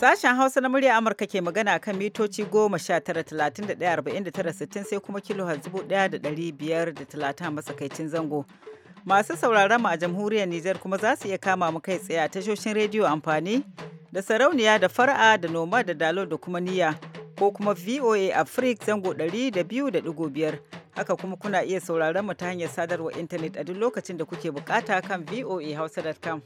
Sashen Hausa na murya Amurka ke magana kan mitoci 19,31,49,60 sai kuma kilo 1,530 matsakaicin zango. Masu sauraron mu a jamhuriyar Nijar kuma za su iya kama mu kai tsaye a tashoshin rediyo amfani da sarauniya da fara'a da noma da dalo da kuma niyya ko kuma VOA Africa zango 200.5 haka kuma kuna iya sauraron mu ta hanyar sadarwar intanet a duk lokacin da kuke bukata kan VOA voahausa.com.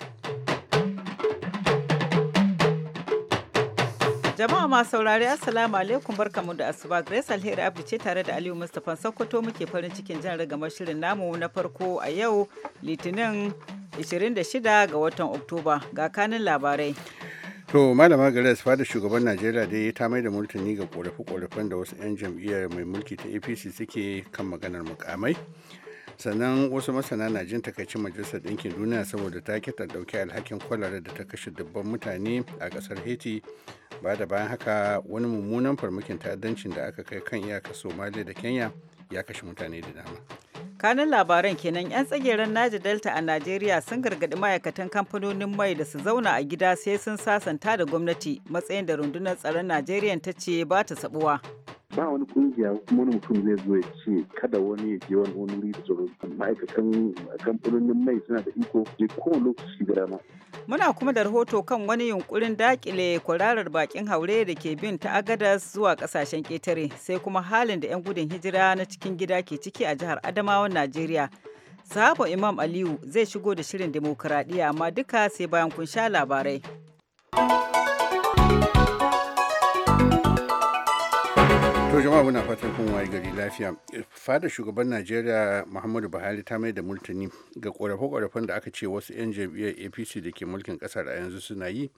Jama'a masu saurari Assalamu alaikum barkamu da asuba Grace Alheri abu ce tare da Aliyu Mustapha Sokoto muke farin cikin jan rigama shirin namu na farko a yau Litinin 26 ga watan Oktoba ga kanin labarai. To Malama Grace fada shugaban Najeriya dai ta mai da multani ga korafe-korafen da wasu 'yan jam'iyyar mai mulki ta APC suke kan maganar mukamai. sannan wasu masana na jin takaicin majalisar ɗinkin duniya saboda ta ta ɗauki alhakin kwalara da ta kashe dubban mutane a ƙasar haiti ba da bayan haka wani mummunan farmakin ta'addancin da aka kai kan iyakar somaliya da kenya ya kashe mutane da dama kanan labaran kenan 'yan tsageren naji delta a najeriya sun gargaɗi ma'aikatan kamfanonin mai da su zauna a gida sai sun sasanta da gwamnati matsayin da rundunar tsaron najeriya ta ce ba ta sabuwa ba wani kungiya kuma wani mutum zai zo ya ce kada wani ya je wani wuri da tsoro ma'aikatan kamfanonin mai suna da iko je kowane lokaci da dama. Muna kuma da rahoto kan wani yunkurin dakile kwararar bakin haure da ke bin ta agadas zuwa kasashen ketare sai kuma halin da 'yan gudun hijira na cikin gida ke ciki a jihar Adamawan Najeriya. Sahabo Imam Aliyu zai shigo da shirin demokuraɗiyya amma duka sai bayan kun sha labarai. to jama'a muna fatan kun waye gari lafiya fada shugaban najeriya muhammadu buhari ta mai da multani ga korafe-korafen da aka ce wasu 'yan jam'iyyar apc da ke mulkin kasar a yanzu suna yi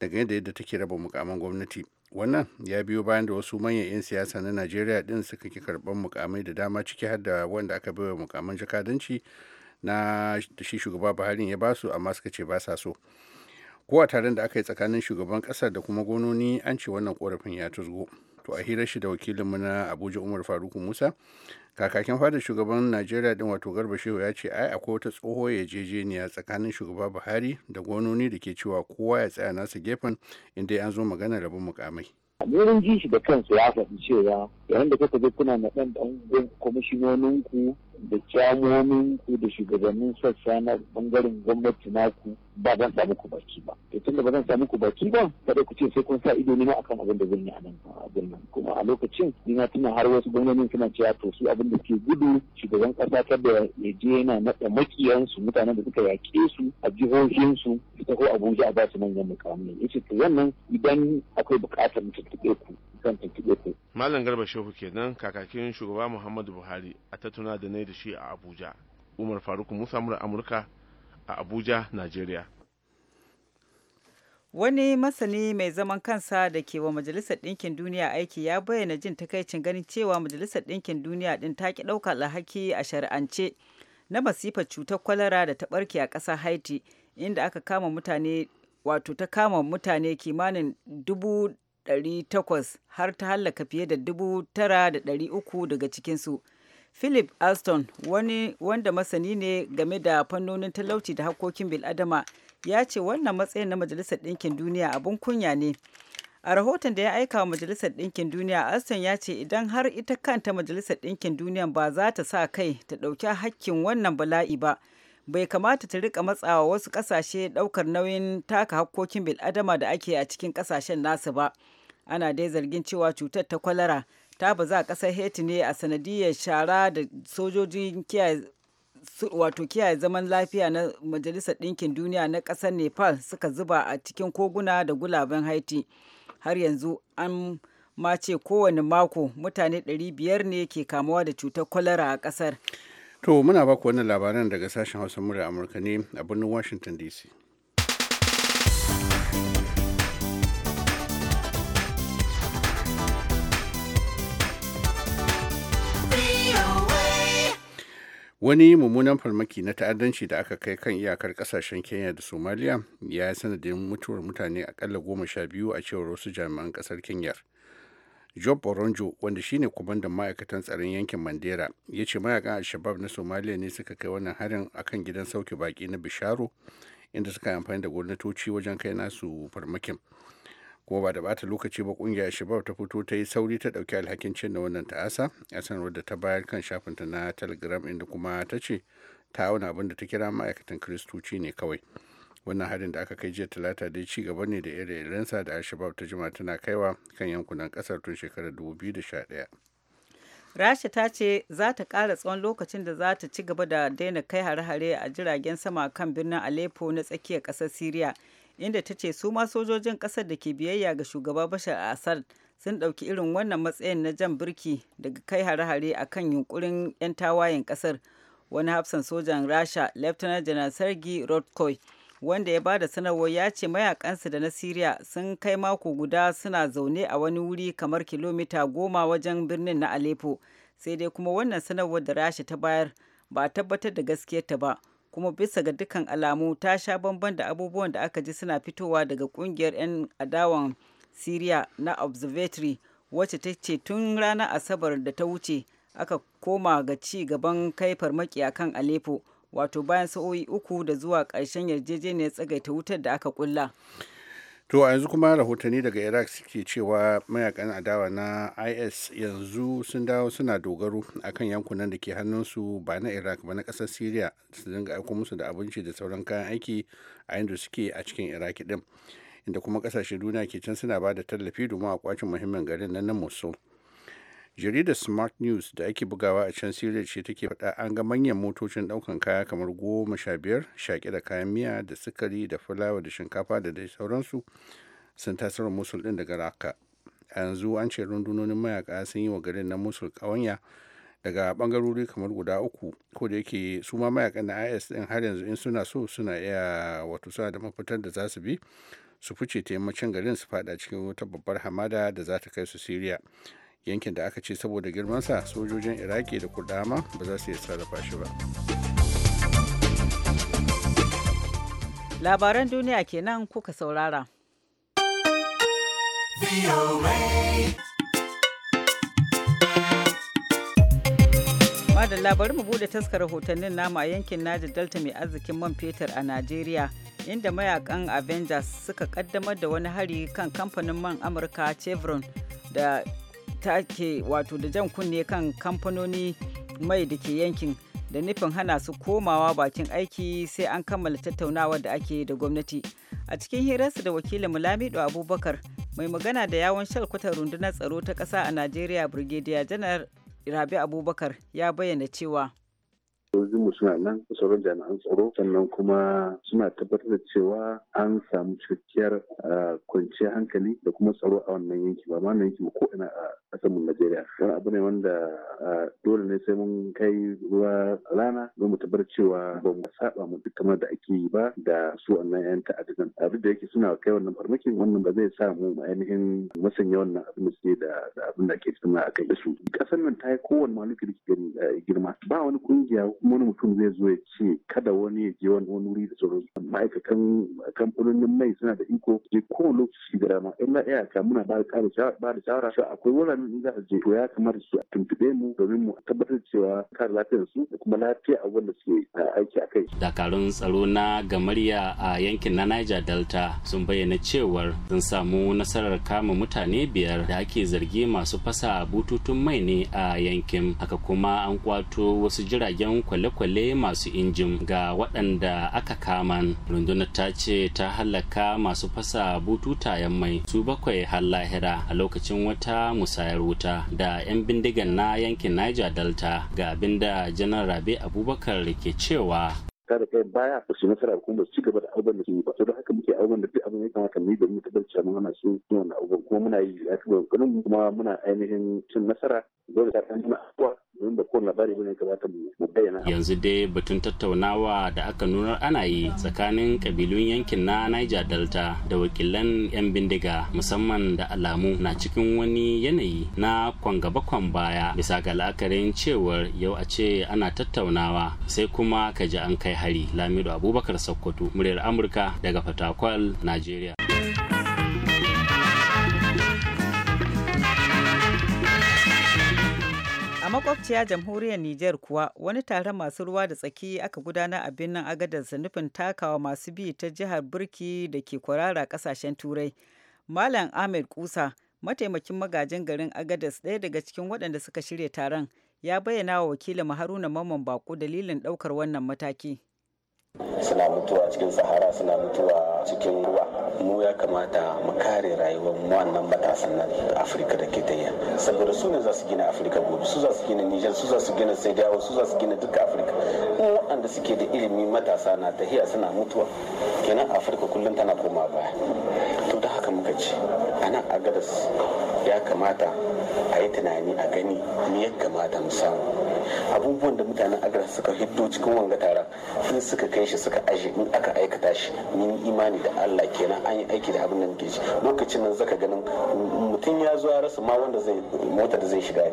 daga yadda yadda take raba mukaman gwamnati wannan ya biyo bayan da wasu manyan 'yan siyasa na najeriya din suka ki karɓar mukamai da dama ciki har da wanda aka baiwa mukaman jakadanci na shi shugaba buhari ya basu amma suka ce ba sa so ko a taron da aka yi tsakanin shugaban ƙasar da kuma gononi an ce wannan korafin ya tuzgo to a hirar shi da wakilinmu na abuja umar faruku musa kakakin fadar shugaban najeriya din wato garba shehu ya ce ai akwai wata tsoho yarjejeniya tsakanin shugaba buhari da gononi da ke cewa kowa ya tsaya nasa gefen inda an zo magana rabin mukamai wurin ji shi da kansa ya faɗi cewa yayin da kuka zo kuna na ɗan ɗan kwamishinoninku da kyamominku da shugabannin sassa na ɓangaren gwamnati naku ba zan samu ku baki ba to tunda ba zan sa muku baki ba kada ku ce sai kun sa ido nima akan abin da zan yi a nan abin nan kuma a lokacin ni na tuna har wasu gwamnonin suna cewa to su abin da ke gudu shugaban kasa da ya je yana naɗa makiyansu mutanen da suka yaƙe su a jihohin su ko Abuja a ba su manyan mukamai yace to wannan idan akwai buƙatar mu tuntuɓe ku kan tuntuɓe ku Malam Garba Shehu kenan kakakin shugaba Muhammadu Buhari a tattuna da ne da shi a Abuja Umar Faruk Musa Amurka a Abuja, Najeriya. Wani masani mai zaman kansa da ke wa Majalisar Ɗinkin Duniya aiki ya bayyana jin takaicin ganin cewa Majalisar Ɗinkin Duniya ɗin ta ki ɗauka alhaki a shari'ance na masifar cutar kwalara da ta ɓarke a ƙasar Haiti inda aka kama mutane wato ta kama mutane kimanin dubu ɗari takwas har ta hallaka fiye da dubu tara da ɗari uku daga cikinsu. Philip Alston wani wanda masani ne game da fannonin talauci da hakkokin bil'adama. ya ce wannan matsayin na majalisar ɗinkin duniya abin kunya ne a rahoton da ya aika wa majalisar ɗinkin duniya aston ya ce idan har ita kanta majalisar ɗinkin duniya ba za ta sa kai ta ɗauki hakkin wannan bala'i ba bai kamata ta rika matsawa wasu ƙasashe ɗaukar nauyin taka hakkokin bil'adama da ake a cikin ƙasashen nasu ba ana dai zargin cewa cutar ta kwalara ta baza ƙasar heti ne a sanadiyar shara da sojojin kiyaye wato kiyaye zaman lafiya na majalisar ɗinkin duniya na ƙasar nepal suka zuba a cikin koguna da gulaben haiti har yanzu an mace kowane mako mutane 500 ne ke kamuwa da cutar kwalara a ƙasar to muna baku wannan labaran daga sashen hausa murya amurka ne a birnin washington dc wani mummunan farmaki na ta'addanci da aka kai kan iyakar kasashen kenya da somaliya ya yi sanadin mutuwar mutane akalla goma sha biyu a cewar wasu jami'an kasar kenya job oronjo wanda shine kubandan ma'aikatan tsaron yankin mandera ya ce mayakan al-shabab na somaliya ne suka kai wannan harin akan gidan sauke baki na bisharo inda suka amfani da gwamnatoci wajen kai nasu farmakin kuma ba da bata lokaci ba kungiyar shabab ta fito ta yi sauri ta dauki alhakin cin na wannan ta'asa a sanarwar da ta bayar kan shafinta na telegram inda kuma ta ce ta auna abin da ta kira ma'aikatan kiristoci ne kawai wannan harin da aka kai jiya talata dai ci gaba ne da irin rinsa da alshabab ta jima tana kaiwa kan yankunan kasar tun shekarar 2011 rasha ta ce za ta kara tsawon lokacin da za ta ci gaba da daina kai hare-hare a jiragen sama kan birnin aleppo na tsakiyar kasar syria inda ta ce su ma sojojin kasar da ke biyayya ga shugaba bashar asad sun ɗauki irin wannan matsayin na jan birki daga kai hare-hare a kan yunkurin 'yan tawayen ƙasar wani hafsan sojan rasha leftanar janar sergi rodkoy wanda ya bada sanarwar ya ce mayakansu da na Siriya sun kai mako guda suna zaune a wani wuri kamar kilomita goma wajen birnin na Aleppo sai dai kuma wannan sanarwar da Rasha ta bayar ba tabbatar da gaskiyarta ba kuma bisa ga dukkan alamu ta sha bamban da abubuwan da aka ji suna fitowa daga kungiyar 'yan adawan syria na observatory wacce ta ce tun ranar asabar da ta wuce aka koma ga ci gaban kai farmaki a kan aleppo wato bayan sa'o'i uku da zuwa ƙarshen yarjejeniyar tsagaita wutar da aka kulla to a yanzu kuma rahotanni daga iraq suke cewa mayakan adawa na is yanzu sun dawo suna dogaro akan yankunan da ke hannunsu ba na iraq ba na ƙasar syria su dinga aiko musu da abinci da sauran kayan aiki a yanzu suke a cikin Iraq din inda kuma ƙasashen duniya ke can suna ba da tallafi domin a kwacin muhimmin garin nan na mosul jaridar smart news da ake bugawa a can siriya ce take faɗa an ga manyan motocin ɗaukan kaya kamar goma sha biyar shaƙe da kayan miya da sukari da fulawa da shinkafa da dai sauransu sun tasirin musul ɗin daga raka a yanzu an ce rundunonin mayaka sun yi wa garin na musul ƙawanya daga ɓangarori kamar guda uku ko da yake su ma mayakan na is ɗin har yanzu in suna so suna iya wato suna da mafitar da za su bi su fice ta garin su faɗa cikin wata babbar hamada da za ta kai su siriya yankin da aka ce saboda girmansa sojojin iraki da kudama ba za su iya sarrafa shi ba labaran duniya kenan kuka saurara madalla labarin mu bude taskar rahotannin namu a yankin Naja Delta mai arzikin man fetur a Najeriya inda mayakan Avengers suka kaddamar da wani hari kan kamfanin man Amurka Chevron da take wato da jan kunne kan kamfanoni mai da ke yankin da nufin hana su komawa bakin aiki sai an kammala tattaunawa da ake da gwamnati a cikin hirarsa da wakilin mulamido abubakar mai magana da yawon shalkwatar rundunar tsaro ta ƙasa a najeriya brigadier janar rabi abubakar ya bayyana cewa mu suna nan sauran jami'an tsaro sannan kuma suna tabbatar da cewa an samu cikakkiyar kwanciyar hankali da kuma tsaro a wannan yanki ba ma yanki ko ina a ƙasar mu Najeriya wani abu ne wanda dole ne sai mun kai ruwa rana don mu tabbatar cewa ba mu saba mu duk kamar da ake yi ba da su wannan yan ta'addan abin da yake suna kai wannan farmakin wannan ba zai sa mu ainihin masanya wannan abin da suke da abin da ke a kai da su ƙasar nan ta yi kowane ma da eh, girma ba wani kungiya kuma wani mutum zai zo ya ce kada wani ya je wani wuri da tsoron ma'aikatan kamfanonin mai suna da iko je kowane lokaci da rama in na iyaka muna ba da shawara cewa akwai wuraren in za a je to ya kamata su tuntube mu domin mu tabbatar cewa kare lafiyar su da kuma lafiya a wanda suke aiki a kai. Dakarun tsaro na Gamariya a yankin na Niger Delta sun bayyana cewar sun samu nasarar kama mutane biyar da ake zargi masu fasa bututun mai ne a yankin haka kuma an kwato wasu jiragen kwale-kwale masu injin ga waɗanda aka kaman rundunar ta ce ta hallaka masu fasa bututa yan mai su bakwai har lahira a lokacin wata musayar wuta da 'yan bindigan na yankin niger delta ga abinda janar rabe abubakar ke cewa kada kai baya ba su nasara kuma ba su ci gaba da abubuwan da su ba saboda haka muke abubuwan da duk abin ya kamata mu yi domin tabbatar mun ana su wannan abubuwan kuma muna yi a ya kuma muna ainihin cin nasara dole ta kan abubuwa yanzu dai batun tattaunawa da aka nunar ana yi tsakanin kabilun yankin na Niger Delta da wakilan yan bindiga musamman da alamu na cikin wani yanayi na kwangaba kwan baya bisa ga la'akarin cewar yau a ce ana tattaunawa sai kuma ka ji an kai hari Lamido Abubakar Sokoto muryar Amurka daga Fatakwal Najeriya A makwabciya jamhuriyar Nijar kuwa wani taron masu ruwa da tsaki aka gudana a birnin agadar nufin takawa masu bi ta jihar birki da ke kwarara kasashen Turai. Malam Ahmed Kusa, mataimakin magajin garin agadas ɗaya daga cikin waɗanda suka shirya taron, ya bayyana wa wakilin maharuna Mamman Bako dalilin ɗaukar wannan mataki. Suna mutuwa cikin sahara suna mutuwa cikin ruwa mu ya kamata mu kare rayuwar wannan matasan na afirka da ke tayya saboda su ne za su gina afirka gobe su za su gina nijar su za su gina saidawa su za su gina duka afirka waɗanda suke da ilimi matasa na tahiya suna mutuwa kenan afirka kullum tana koma baya kan muka ce a nan agadas ya kamata a yi tunani a gani mu ya kamata mu samu abubuwan da mutanen agadas suka hiddo cikin wanga tara in suka kai shi suka aje in aka aikata shi mun imani da allah kenan an yi aiki da abin da muke ci lokacin nan zaka ganin mutum ya zo ya rasa ma wanda zai mota da zai shiga ya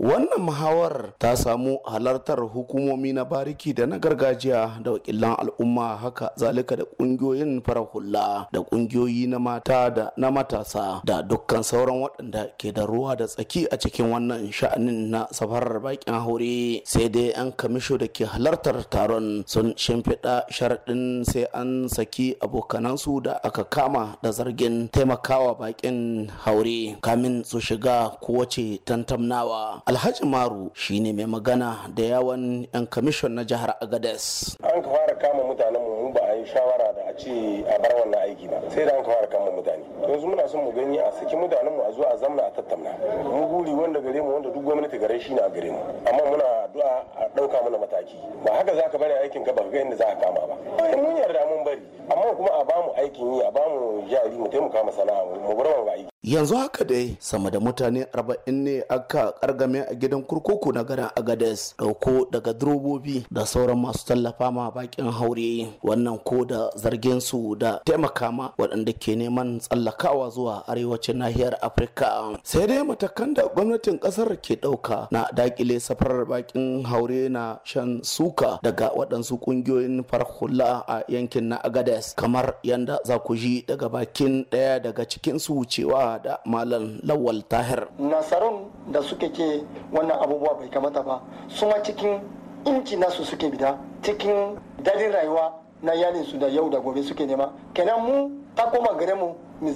Wannan muhawar ta samu halartar hukumomi na bariki da na gargajiya da wakilan al'umma haka zalika da ƙungiyoyin fara hula da ƙungiyoyi na mata da na matasa da dukkan sauran waɗanda ke da ruwa da tsaki a cikin wannan sha'anin na safarar bakin haure sai dai yan kamisho da ke halartar taron sun shimfiɗa sharaɗin sai an saki abokanansu da aka kama da zargin taimakawa bakin haure kamin su shiga kowace tantamnawa. alhaji maru shine mai magana da yawan yan kamishon na jihar agades an ka fara kama mutanen mu ba a yi shawara da a ce a bar wannan aiki ba sai da an ka fara kama mutane yanzu muna son mu gani a saki mutanen mu a zo a zamna a tattauna mu guri wanda gare mu wanda duk gwamnati gare shi na gare mu amma muna addu'a a ɗauka mana mataki ba haka za ka bari aikin ka ba ga inda za ka kama ba mun yarda mun bari amma kuma a bamu aikin yi a bamu jari mu taimaka ma sana'a mu bar wanga aiki yanzu haka dai sama da mutane arba'in ne aka kargame a gidan kurkuku na garin agades dauko daga durobobi da sauran masu tallafa ma bakin haure wannan ko da zargin su da taimaka ma waɗanda ke neman tsallakawa zuwa arewacin nahiyar afirka sai dai matakan da gwamnatin ƙasar ke ɗauka na dakile safarar bakin haure na shan suka daga waɗansu ƙungiyoyin farhula a yankin na agades kamar yanda za ku ji daga bakin ɗaya daga cikin su cewa da malam lawal tahir nasarun da suke ke wannan abubuwa bai kamata ba suma cikin inci nasu suke bida cikin dadin rayuwa na yalinsu da yau da gobe suke nema kenan mu ta koma gare mu mu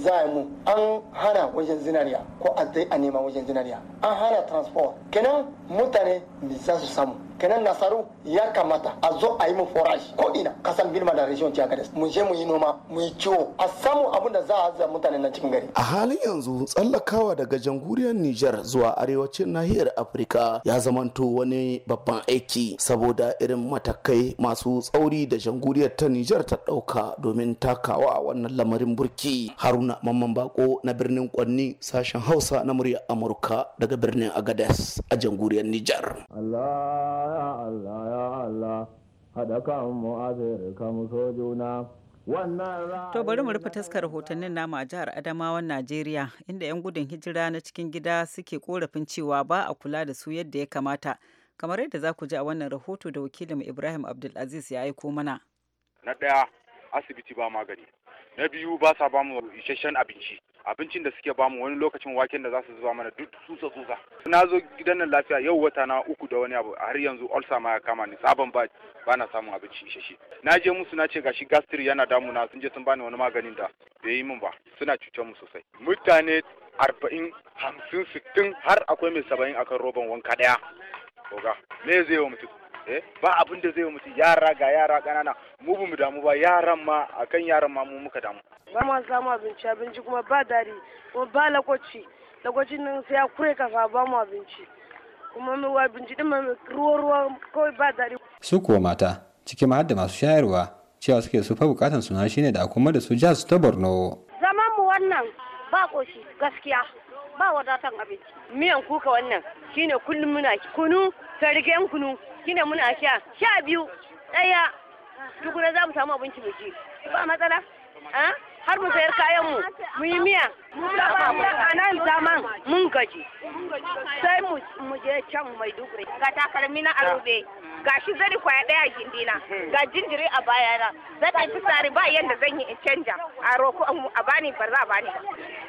an hana wajen zinariya ko a a nema wajen zinariya an hana transport kenan mutane za su samu kenan nasaru ya kamata a zo a yi mu forage ko ina kasan bilma da region tiya gades mu je mu yi noma mu yi ciwo a samu abin da za a za mutane na cikin gari a halin yanzu tsallakawa daga jamhuriyar Niger zuwa arewacin nahiyar Afirka ya zamanto wani babban aiki saboda irin matakai masu tsauri da jamhuriyar ta Niger ta dauka domin takawa wannan lamarin burki har haruna mamman bako na birnin kwanni sashen hausa na murya amurka daga birnin agadas a janguriyar nijar kan mu mu so juna To bari mu rufe taskar rahotannin namu a jihar Adamawan Najeriya inda 'yan gudun hijira na cikin gida suke korafin cewa ba a kula da su yadda ya kamata. Kamar yadda za ku ji a wannan rahoto da wakilin Ibrahim Abdulaziz ya aiko mana. Na ɗaya asibiti ba magani. na biyu ba sa bamu isasshen abinci abincin da suke bamu wani lokacin waken da za su zuba mana duk tsutsa tsutsa na zo gidan nan lafiya yau wata na uku da wani abu har yanzu olsa ma ya kama ni sabon ba ba na samun abinci isasshe na je musu na ce gashi gastric yana damuna sun je sun bani wani maganin da bai yi min ba suna cutar mu sosai mutane arba'in hamsin sittin har akwai mai saba'in akan roban wanka daya Koga me zai yi wa mutum Eh, ba abin da zai yi musu yara ga yara ƙanana mu bamu damu ba yaran ma akan yaran ma mu muka damu ba ma samu abinci abinci kuma ba dari kuma ba lokaci lokacin nan sai ya kure kafa ba mu abinci kuma mu abinci din ma ruwa ruwa kawai ba dari su kuwa mata ciki ma da masu shayarwa cewa suke su fa bukatan suna shine da kuma da su ja su ta Borno zaman mu wannan ba koshi gaskiya ba wadatan abinci miyan kuka wannan shine kullum muna kunu yan kunu shine muna sha sha biyu ɗaya tukuna za mu samu abinci mu ci ba matsala ah? har mu sayar kayan mu mu yi miya a nan zaman mun gaji sai mu je can maiduguri ga takalmi na alube ga shi zari kwaya daya gindina ga jinjiri a na zai ta fi ba yadda zan yi canja a roko a bani ba za a bani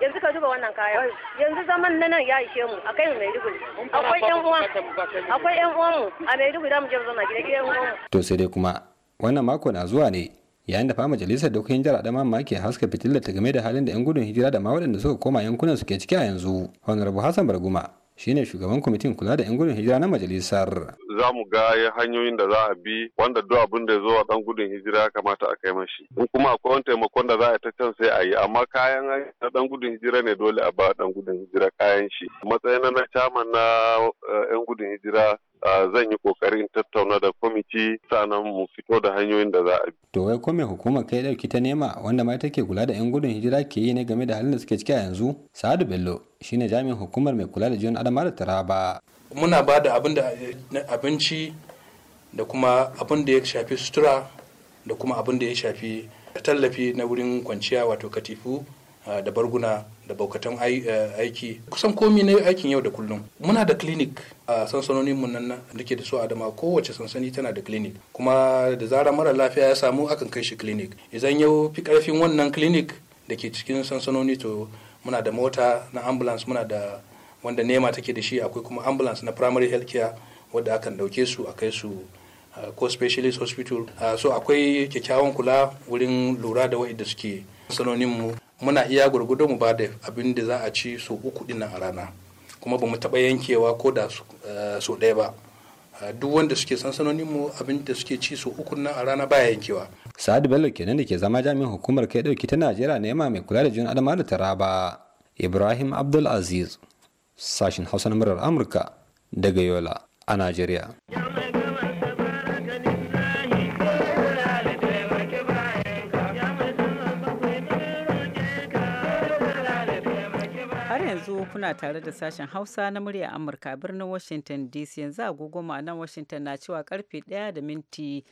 yanzu ka duba wannan kayan yanzu zaman na nan ya ishe mu a kai mu maiduguri akwai yan uwa akwai yan uwa mu a maiduguri za mu je mu zauna gida gidan uwan to sai dai kuma wannan mako na zuwa ne yayin da fa majalisar dokokin jihar adama ke haska fitilar ta game da halin da 'yan gudun hijira da ma waɗanda suka koma yankunan su ke ciki a yanzu honorable hassan barguma shine shugaban kwamitin kula da 'yan gudun hijira na majalisar. Za mu ga hanyoyin da za a bi wanda duk abin da zo a dan gudun hijira ya kamata a kai mashi. In kuma akwai wani taimakon da za a ta can sai a yi amma kayan na dan gudun hijira ne dole a ba dan gudun hijira kayan shi. Matsayin na chairman na eh, 'yan gudun hijira Ah, zan yi kokarin tattauna da kwamiti sanan mu fito da hanyoyin da za a bi. To wai kome hukumar kai dauki ta nema wanda mai take kula da 'yan gudun hijira ke yi ne game da halin da suke ciki a yanzu? Sa'adu Bello shine jami'in hukumar mai kula da jiyon adama da taraba. Muna ba da abin da abinci da kuma abin da ya shafi sutura da kuma abin da ya shafi tallafi na wurin kwanciya wato katifu ah, da barguna da baukatan eh, aiki kusan komi na aikin yau da kullum muna da clinic a sansanoni mu nan nake da su adama kowace sansani tana da clinic kuma da zara mara lafiya ya samu akan kai shi clinic idan yau fi karfin wannan clinic da ke cikin sansanoni to muna da mota na ambulance muna da wanda nema take da shi akwai kuma ambulance na primary health care wadda akan dauke su a kai su ko specialist hospital so akwai kyakkyawan kula wurin lura da da suke Sansanonin mu. muna iya gurgudu mu ba da abin da za a ci so uku din a rana kuma ba mu taɓa yankewa ko da so eh, ɗaya ba eh, duk wanda suke sansanonin mu abin da suke ci so uku na a rana baya yankewa sa'ad bello kenan da ke zama jami'in hukumar kai ɗauki ta najeriya ma mai kula da jin adama da taraba ibrahim abdul aziz sashin hausa na murar amurka daga yola a najeriya yanzu kuna tare da sashen Hausa na murya Amurka birnin Washington DC yanzu agogo ma'anan Washington na cewa karfe 1 da minti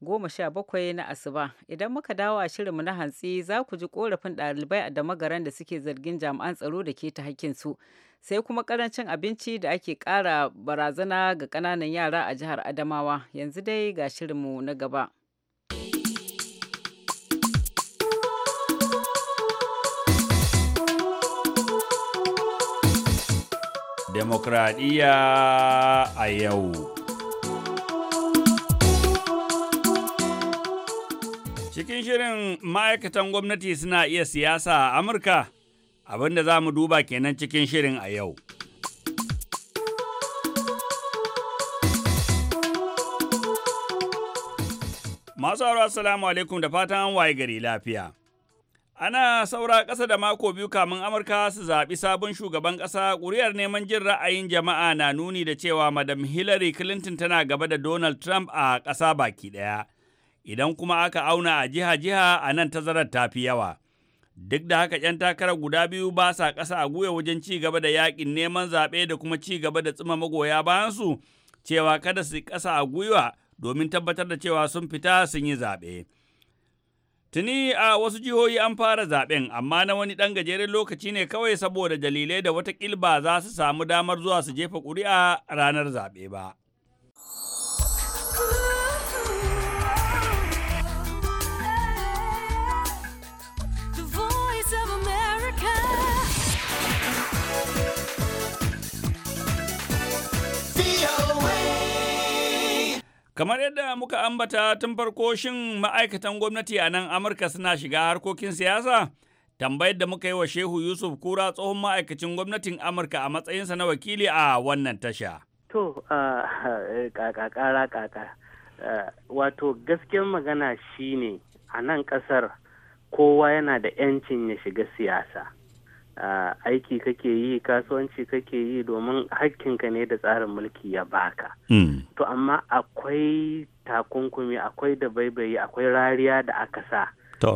goma sha bakwai na asuba idan muka dawo a shirinmu na hantsi za ku ji korafin dalibai a damagaran da suke zargin jami'an tsaro da ke ta hakkinsu sai kuma karancin abinci da ake kara barazana ga kananan yara a jihar adamawa yanzu dai ga shirinmu na gaba demokradiyya a yau. Cikin shirin ma'aikatan gwamnati suna iya siyasa a Amurka, abinda za mu duba kenan cikin shirin a yau. Masu haro, Assalamu alaikum da fatan waye gari lafiya. Ana saura ƙasa da mako biyu kamun Amurka su zaɓi sabon shugaban ƙasa, ƙuri'ar neman jin ra'ayin jama'a na nuni da cewa Madam Hillary Clinton tana gaba da Donald Trump a ƙasa baki ɗaya. Idan kuma aka auna a jiha-jiha a nan tazarar ta fi yawa. Duk da haka ‘yan takarar guda biyu ba sa ƙasa a guya wajen ci gaba da yaƙin neman zaɓe da kuma ci gaba da tsima magoya bayansu, cewa kada su ƙasa a gwiwa domin tabbatar da cewa sun fita sun yi zaɓe. Tuni a wasu jihohi an fara zaben amma na wani ɗan gajeren lokaci ne kawai saboda dalilai da wata ba za su samu damar zuwa su jefa ƙuri'a ranar zaɓe ba. Kamar yadda muka ambata tun farko shin ma'aikatan gwamnati a nan Amurka suna shiga harkokin siyasa? Tambayar da muka yi wa Shehu Yusuf Kura tsohon ma'aikacin gwamnatin Amurka a matsayinsa na wakili a wannan tasha. To, Wato gasken magana shine a nan ƙasar kowa yana da 'yancin ya shiga siyasa. aiki kake yi kasuwanci kake yi domin hakkinka ne da tsarin mulki ya baka hmm. to amma akwai takunkumi akwai da baibayi akwai rariya da aka sa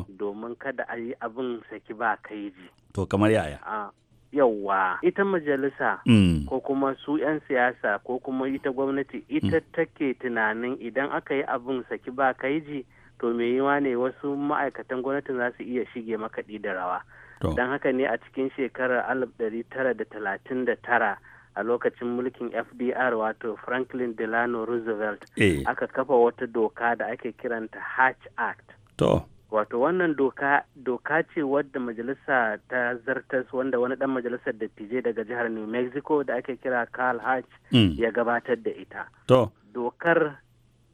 domin kada a yi abin saki ba kai ji to kamar yaya yauwa ita majalisa mm. ko kuma su 'yan siyasa ko kuma ita gwamnati ita hmm. take tunanin idan aka yi abin saki ba ji, to me yiwa ne wasu ma'aikatan gwamnati za su iya shige makaɗi da rawa don haka ne a cikin shekarar 1939 a lokacin mulkin fdr wato franklin delano roosevelt eh. aka kafa wata doka da ake kiranta hatch act wato wannan doka ce wadda majalisa ta zartas wanda wani dan majalisar dattijai daga jihar new mexico da ake kira carl hatch mm. ya gabatar da ita dokar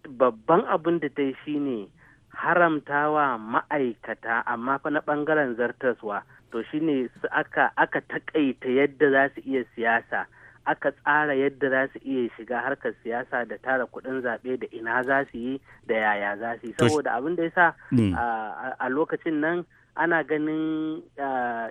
babban abin da ta yi shine haramta wa ma'aikata amma fa na ɓangaren zartaswa to shine su aka aka takaita yadda za su iya siyasa aka tsara yadda za su iya shiga harkar siyasa da tara kuɗin zaɓe da ina za su yi da yaya za su yi saboda abin da ya sa mm. a lokacin nan ana ganin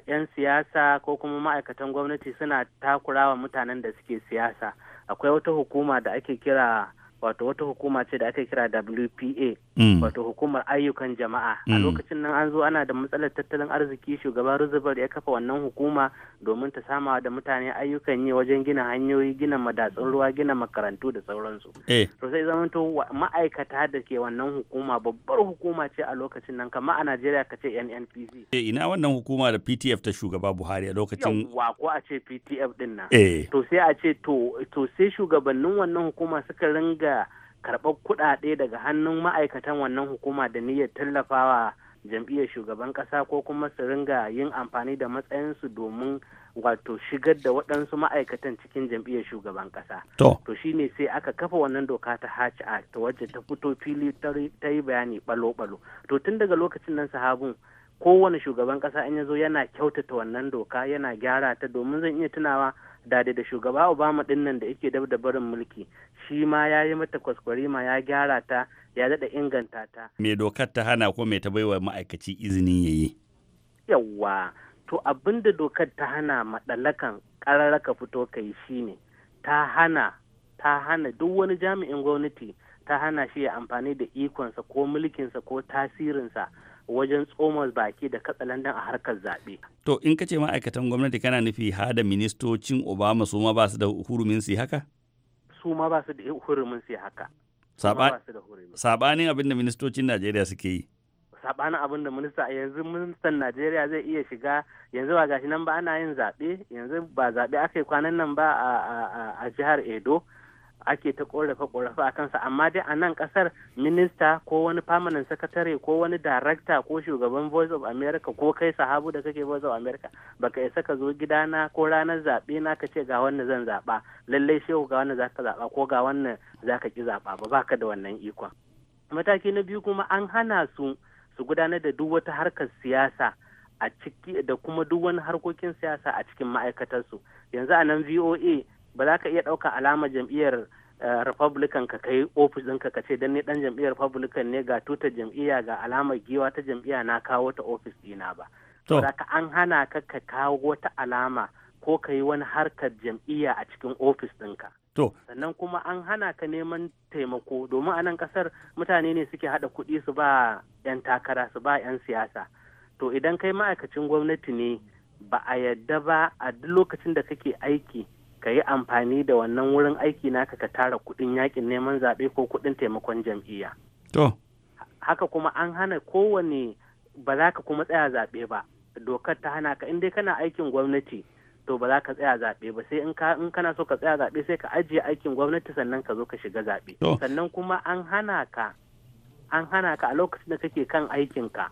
'yan siyasa ko kuma ma'aikatan gwamnati suna takurawa mutanen da suke siyasa akwai wata hukuma da ake kira wato wata hukuma ce da aka kira WPA mm. wato hukumar ayyukan jama'a a mm. lokacin nan an zo ana da matsalar tattalin arziki shugaba Roosevelt ya kafa wannan hukuma domin ta sama da mutane ayyukan yi wajen gina hanyoyi gina madatsun ruwa gina makarantu da sauransu eh. to sai zamanto ma'aikata da ke wannan hukuma babbar hukuma ce a lokacin nan kama a Najeriya ka ce NNPC eh, ina wannan hukuma da PTF ta shugaba Buhari a lokacin wa ko a ce PTF din nan eh. to sai a ce to to sai shugabannin wannan hukuma suka ringa da karɓar kuɗaɗe daga hannun ma'aikatan wannan hukuma da niyyar tallafawa jam'iyyar shugaban ƙasa ko kuma su ringa yin amfani da matsayinsu domin wato shigar da waɗansu ma'aikatan cikin jam'iyyar shugaban ƙasa. To shi ne sai aka kafa wannan doka ta Hatch Act wacce ta fito fili ta yi bayani ɓalo-ɓalo. To tun daga lokacin nan sahabun kowane shugaban ƙasa in ya zo yana kyautata wannan doka yana gyara ta domin zan iya tunawa da da shugaba obama din nan da yake dab da barin mulki shi ma ya yi mata kwaskwarima ya gyara ta ya daɗa inganta ta me dokar ta hana ko me ta baiwa ma'aikaci izinin ya yi? yawwa to abin da dokar ta hana maɗalakan ƙararraka fito shi shine ta hana ta hana duk wani jami'in gwamnati ta hana shi ya amfani da ikonsa ko mulkinsa ko tasirinsa wajen tsoma baki da katsalandan a harkar zaɓe. To in ka ce ma'aikatan gwamnati kana nufi da ministocin Obama su ma ba su da hurumin su haka? Su ma ba su da hurumin su haka. Saɓanin abin da ministocin Najeriya suke yi. Saɓanin abin da minista yanzu ministan Najeriya zai iya shiga yanzu ba gashi nan ba ana yin zaɓe yanzu ba zaɓe aka yi kwanan nan ba a jihar Edo. ake ta korafa korafa a kansa amma dai a nan kasar minista ko wani permanent secretary ko wani director ko shugaban voice of america ko kai sahabu da kake voice of america baka isa ka zo gidana ko ranar zaɓe na ka ce ga wannan zan zaɓa lallai shehu ga wannan zaka zaɓa ko ga wannan zaka ki zaɓa ba baka da wannan ikon mataki na biyu kuma an hana su su gudanar da duk wata harkar siyasa a ciki da kuma duk wani harkokin siyasa a cikin ma'aikatarsu yanzu a nan voa ba za ka iya ɗauka alama jam'iyyar eh, republican ka kai ofis ɗinka ka ce don ni ɗan jam'iyyar republican ne ga tuta jam'iyya ga alamar giwa ta jam'iyya na kawo ta ofis ɗina ba to ka an hana ka ka kawo wata alama ko ka yi wani harkar jam'iyya a cikin ofis ɗinka to sannan kuma an hana ka neman taimako domin a nan ƙasar mutane ne suke haɗa kuɗi su ba 'yan takara su ba 'yan siyasa to idan kai ma'aikacin gwamnati ne ba a yadda ba a duk lokacin da kake aiki ka yi amfani da wannan wurin aiki naka ka tara kuɗin yakin neman zaɓe ko kuɗin taimakon jam'iyya. To. Haka kuma an hana kowane ba za ka kuma tsaya zaɓe ba. Dokar ta hana ka in kana aikin gwamnati to ba za ka tsaya zaɓe ba sai in kana so ka tsaya zaɓe sai ka ajiye aikin gwamnati sannan ka zo ka shiga zaɓe. Sannan kuma an hana ka an hana ka a lokacin da kake kan aikinka. ka.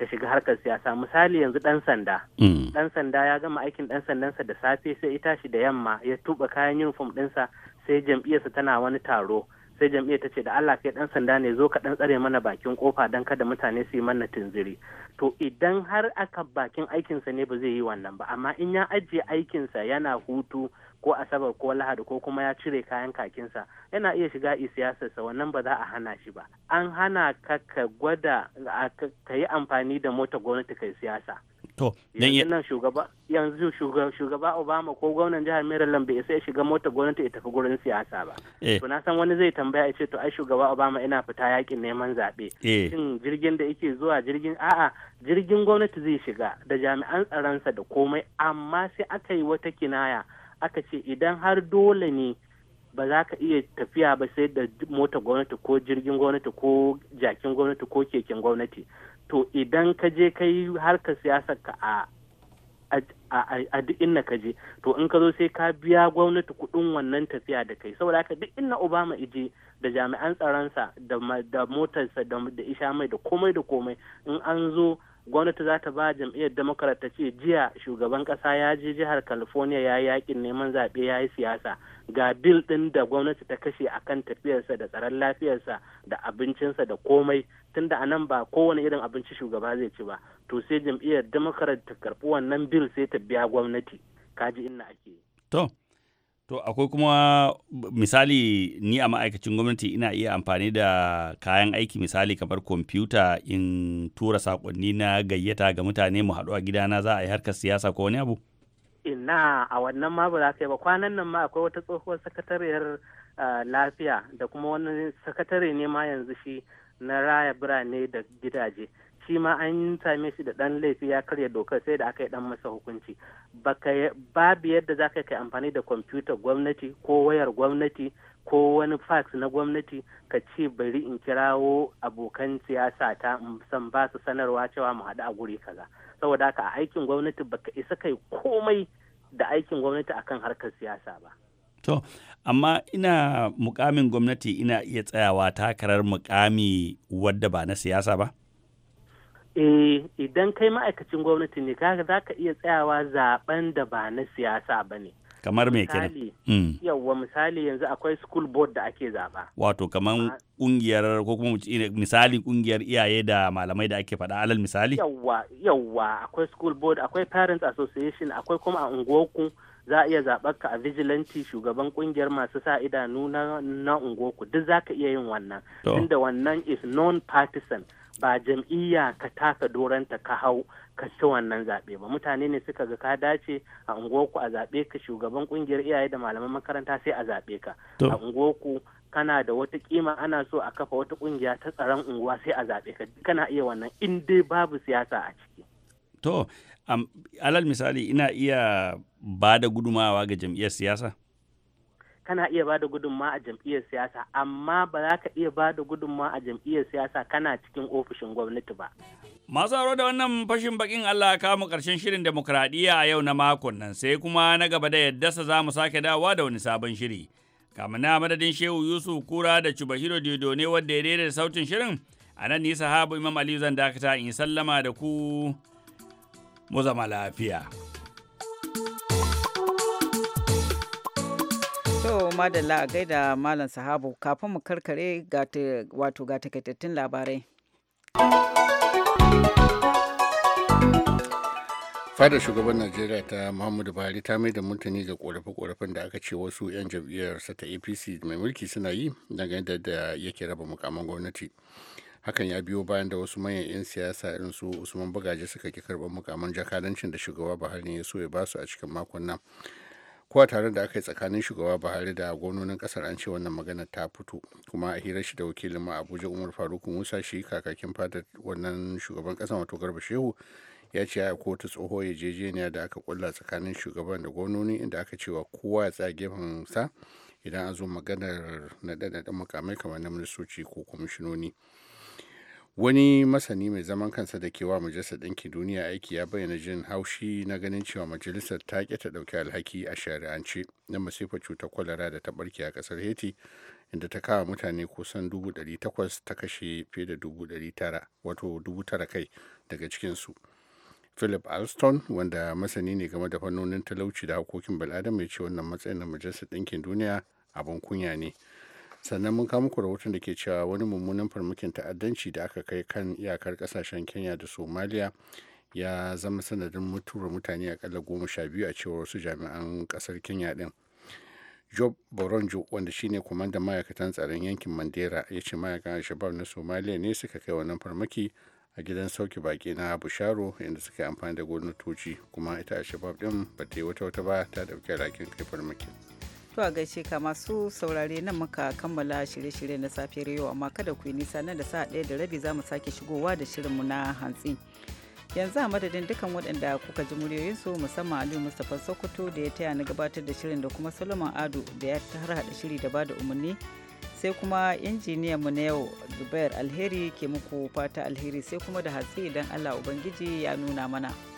ta shiga harkar siyasa misali yanzu dan sanda dan mm. sanda ya gama aikin dan sandansa da safe sai ita shi da yamma ya tuba kayan uniform dinsa sai jam'iyyarsa tana wani taro sai jam'iyyar ta ce da Allah kai dan sanda ne zo ka dan tsare mana bakin kofa dan kada mutane su yi mana tunziri to idan har aka bakin aikinsa ne ba zai yi wannan ba amma in ya ajiye aikinsa yana hutu ko asabar ko lahadi ko kuma ya cire kayan kakinsa yana iya shiga siyasarsa wannan ba za a hana shi ba an hana ka ka gwada ka yi amfani da mota gwamnati kai siyasa to yanzu nan shugaba yanzu shugaba obama ko gwamnan jihar maryland bai isa shiga mota gwamnati ya tafi gurin siyasa ba eh. to na san wani zai tambaya ya ce to ai shugaba obama ina fita yakin neman zaɓe eh. shin jirgin da yake zuwa jirgin a'a jirgin gwamnati zai shiga da jami'an tsaronsa da komai amma sai aka yi wata kinaya aka ce idan har dole ne ba za ka iya tafiya ba sai da mota gwamnati ko jirgin gwamnati ko jakin gwamnati ko keken gwamnati to idan ka je ka yi harkar siyasa ka a a duk inna ka je to in ka zo sai ka biya gwamnati kuɗin wannan tafiya da kai saboda haka duk inna obama ije da jami'an tsaronsa da motarsa da isha mai da komai da komai in an zo gwamnati za ta ba jam'iyyar democrat ta ce jiya shugaban kasa ya je jihar california ya yi yakin neman zaɓe ya yi siyasa ga bil ɗin da gwamnati ta kashe akan tafiyarsa da tsaron lafiyarsa da abincinsa da komai tunda a nan ba kowane irin abinci shugaba zai ci ba to sai jam'iyyar democrat ta karɓi wannan bil sai ta biya gwamnati kaji inna ake to To akwai kuma misali ni a ma'aikacin gwamnati ina iya amfani da kayan aiki misali kamar kwamfuta in tura sakonni na gayyata ga mutane mu haɗu a gidana za a yi harkar siyasa ko wani abu? Ina a wannan ma ba ba kwanan nan ma akwai wata tsohuwar sakatariyar lafiya da kuma wani sakatare ne ma yanzu shi na raya birane da gidaje. shi ma an same shi da dan laifi ya karya dokar sai da aka yi dan masa hukunci babu yadda za ka yi amfani da kwamfuta gwamnati ko wayar gwamnati ko wani fax na gwamnati ka ce bari in kirawo abokan siyasa ta san ba su sanarwa cewa mu haɗu a guri kaza saboda haka a aikin gwamnati baka isa kai komai da aikin gwamnati akan harkar siyasa ba To, amma ina mukamin gwamnati ina iya tsayawa takarar mukami wadda ba na siyasa ba? Eh, idan kai ma'aikacin gwamnati ne kaga za ka iya tsayawa zaben da ba na siyasa ba ne kamar me kira. Mm. yauwa yawwa misali yanzu akwai school board da ake zaba wato kamar kungiyar ah. ko kuma misali kungiyar iyaye da malamai da ake faɗa alal misali yawwa yauwa akwai school board akwai parents association akwai kuma a unguwarku za a iya zaɓar ka a vigilante shugaban kungiyar masu sa idanu na, na unguwarku duk za ka iya yin wannan tunda wannan is non partisan ba jam'iyya ka taka doranta ka hau ka ci wannan zaɓe ba mutane ne suka ga ka dace a unguwarku a zaɓe ka shugaban ƙungiyar iyaye da malaman makaranta sai a zaɓe ka a unguwarku kana da wata kima ana so a kafa wata ƙungiya ta tsaron unguwa sai a zaɓe ka kana iya wannan in dai babu siyasa a ciki to alal misali ina iya ba da gudumawa ga jam'iyyar siyasa kana iya bada gudunma a jam'iyyar siyasa amma ba za ka iya ba da gudunma a jam'iyyar siyasa kana cikin ofishin gwamnati ba. Masu aro da wannan fashin bakin Allah ka mu karshen shirin demokradiyya a yau na makon nan sai kuma na gaba da sa za mu sake dawowa da wani sabon shiri. kamin na madadin Shehu Yusuf Kura da Chubahiro Diodo ne wanda ya daidaita sautin shirin a nan nisa habu Imam Aliyu zan dakata in yi sallama da ku mu zama lafiya. To da a gaida Malam Sahabu kafin mu karkare wato ga takaitattun labarai. fadar shugaban najeriya ta muhammadu buhari ta mai da martani ga korafe-korafen da aka ce wasu 'yan jam'iyyarsa ta apc mai mulki suna yi dangane da yake raba mukaman gwamnati hakan ya biyo bayan da wasu manyan 'yan siyasa irin su usman bagaje suka ki karɓar mukaman jakadancin da shugaba buhari ya so ya basu a cikin makon nan ko a taron da aka yi tsakanin shugaba buhari da gwamnonin kasar an ce wannan magana ta fito kuma a hirar shi da wakilin ma abuja umar faruk musa shi kakakin fadar wannan shugaban kasar wato garba shehu ya ce ya kotu tsoho yarjejeniya da aka kulla tsakanin shugaban da gwamnoni inda aka cewa kowa ya tsaya gefen sa idan a zo maganar naɗe-naɗen mukamai kamar na ministoci ko kwamishinoni. wani masani mai zaman kansa da kewa majalisar ɗinkin duniya aiki ya bayyana jin haushi na ganin cewa majalisar ta ƙi ta ɗauki alhaki a shari'ance na masifar cutar kwalara da ta barke a ƙasar haiti inda ta kawo mutane kusan dubu ɗari takwas ta kashe fiye da dubu ɗari tara, wato dubu tara kai daga cikinsu philip alston wanda masani ne game da fannonin talauci da hakokin bal'adama ya ce wannan matsayin na majalisar ɗinkin duniya abin kunya ne sannan mun kawo muku rahoton da ke cewa wani mummunan farmakin ta'addanci da aka kai kan iyakar kasashen kenya da somalia ya zama sanadin mutuwar mutane a akalla goma sha biyu a cewar wasu jami'an kasar kenya din job boronjo wanda shine kwamandan ma'aikatan tsaron yankin mandera ya ce ma'aikan al na somalia ne suka kai wannan farmaki a gidan sauki baki na busharo inda suka amfani da gwamnatoci kuma ita al-shabab din ba ta yi wata wata ba ta dauki alhakin kai farmakin To a gaishe ka masu saurare nan muka kammala shirye-shirye na safiyar yau amma kada ku yi nisa nan da sa'a ɗaya da rabi za mu sake shigowa da shirinmu na hantsi. Yanzu a madadin dukkan waɗanda kuka ji muryoyinsu musamman ali Mustapha Sokoto da ya taya na gabatar da shirin da kuma Solomon Ado da ya harhaɗa shiri da bada umarni sai kuma mu na yau Zubair Alheri ke muku fata alheri sai kuma da hatsi idan Allah Ubangiji ya nuna mana.